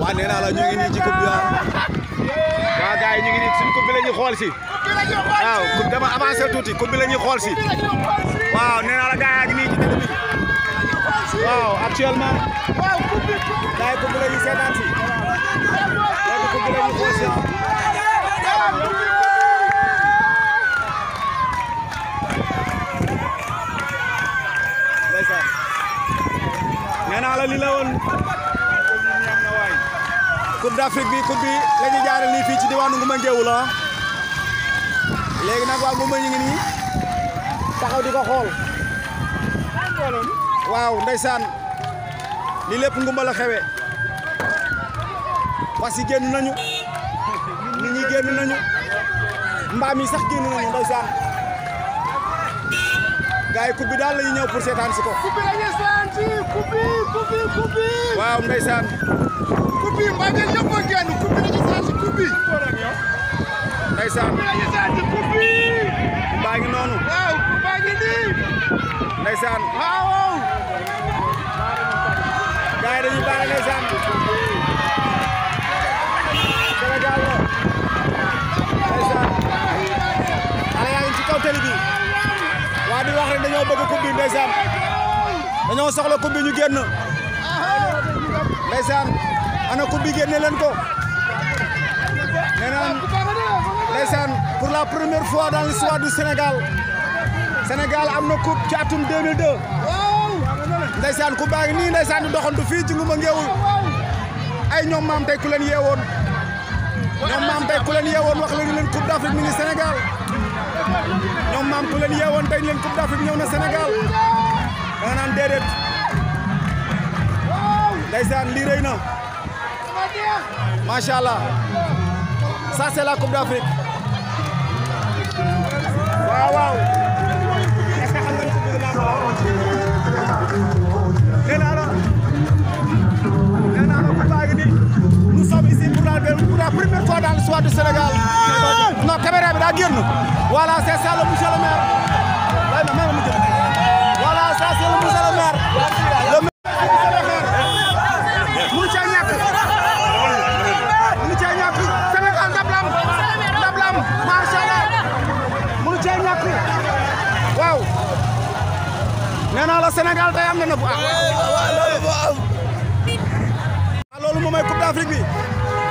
waa nee naa la ñu ngi nii ci coupe bi ah. waa gars yi ñu ngi nii suñu coupe bi la ñuy xool si waaw coupe dama avancé tuuti coupe bi la ñuy xool si waaw nee naa la gars yaa ngi nii ci dëkk bi waaw actuellement gars yi coupe bi la ñuy seetaan si léegi coupe bi la ñuy xool si ah. nee naa la li la woon coupe d'afrique bi coupe bi lañu jaar li fi ci diwanu nguma ngeewu la légui nak wa nguma ñi ngi ni taxaw diko xol waaw ndaysan li lepp nguma la xewé parce gennu nañu nit ñi gennu nañu mbam yi sax gennu nañu ndaysan gaay coupe bi daal lañu ñew pour sétane ci ko coupe lañu sétane ci coupe coupe coupe waaw ndaysan coupe bi mbaa ngeen ñëpp a génn coupe bi dañu saa si coupe bi. ndeysaan dañu saa si coupe bi. baa ngi noonu. waaw baa ngi nii. ndeysaan waaw. gars yi dañuy baale ndeysaan. Sénégal la. ndeysaan. xale yaa ngi ci kaw télé bi. waa di wax rek dañoo bëgg coupe bi ndeysaan. dañoo soxla coupe bi ñu génn. ndeysaan. ana coupe bi génne ko nee naan ndeysaan pour la première fois dans l'histoire du Sénégal Sénégal am na coupe ci atum 2002 ndeysaan coupe baa ngi nii ndeysaan di doxantu fii ci Ngoumba Ngeewul ay ñoom maam tey ku leen yeewoon ñoom maam tey ku yeewoon wax leen coupe d'Afrique mi ngi Sénégal ñoom maam ku yeewoon tey leen coupe d'Afrique ñëw na Sénégal da nga naan déedéet na macha allah ça c'est la coupe d'Afrique waaw waaw. nee naa la nee naa la Coupa gi nii nous sommes ici pour la du Sénégal non caméra bi daa génn voilà c'est ça le monsieur le maire waaye ma cee ñàkk waaw nee naa la Sénégal day na nëbu ah. ah. loolu moo am. waaw bi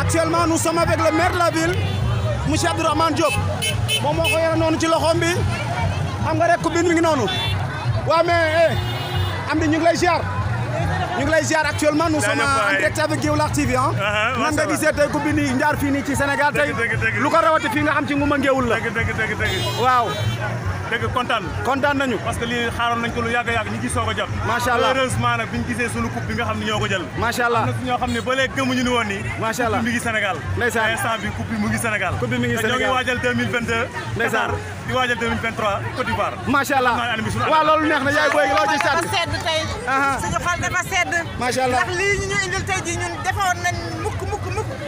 actuellement nous sommes avec la ville monsieur Abdourahmane Diop moom moo ko yore noonu ci loxoom bi xam nga rek coupe bi mi noonu waaw mais eh am di ñu Nous actuellement nous sommes en direct avec TV Nous avons nga fini, Sénégal Nous avons ko dëgg kontaan kontaan nañu parce que lii xaaroon nañ ko lu yàgg a yàgg ngi soog jot macha allah gisee sunu coupe nga xam ne ñoo ko jël macha ñoo xam ne ba léegi gëmuñu ni woon ni macha allah coupe bi mu ngi Sénégal ndeysaan instant bi coupe bi mu ngi Sénégal coupe bi mu ngi Sénégal ñoo ngi waajal 2022 ndeysaan di waajal 2023 Côte d'Ivoire macha allah waaw loolu na yaay booy loo ci sedd tey suñu xol dafa sedd macha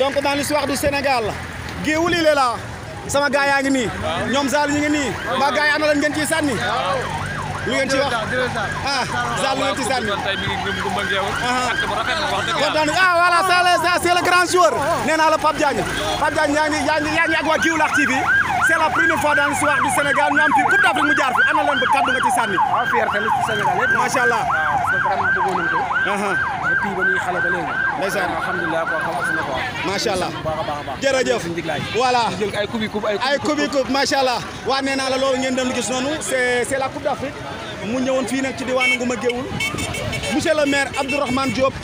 donc dans l'histoire du Sénégal Guéoul il est là sama gaay ngi ni ñom Zal ñi ngi ni ba gaay ana lan ngeen ci sanni lu ngeen ci wax ah Zal lu ngeen ci sànni ah, kontaan ah voilà ça Ah, c'est le grand joueur néna naa la Pape Diagne Pape Diagne yaa ngi yaa ak wa ngi ak TV c'est la première fois dans l'histoire du Sénégal ñu am fii Coupe d'Afrique mu jaar fi ana lan ba kaddu nga ci sanni ah fierté ci Sénégal yëpp macha allah ah, vraiment de bonne ko ah, depuis ba ñuy xale ba léegi ndeysaan alhamdulilah ko xam sama ko macha allah jërëjëf voilà allah waa nee naa la loolu ngeen dem gis noonu c'est c'est la coupe d'Afrique mu ñëwoon fii nag ci diwaanu Ngouma Géewul monsieur le maire Abdourahmane Diop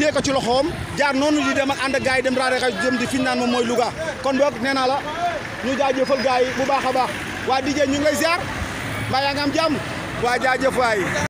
di fi naan moom mooy Louga kon boog nee naa la ñu jaajëfal gars yi bu baax a baax waa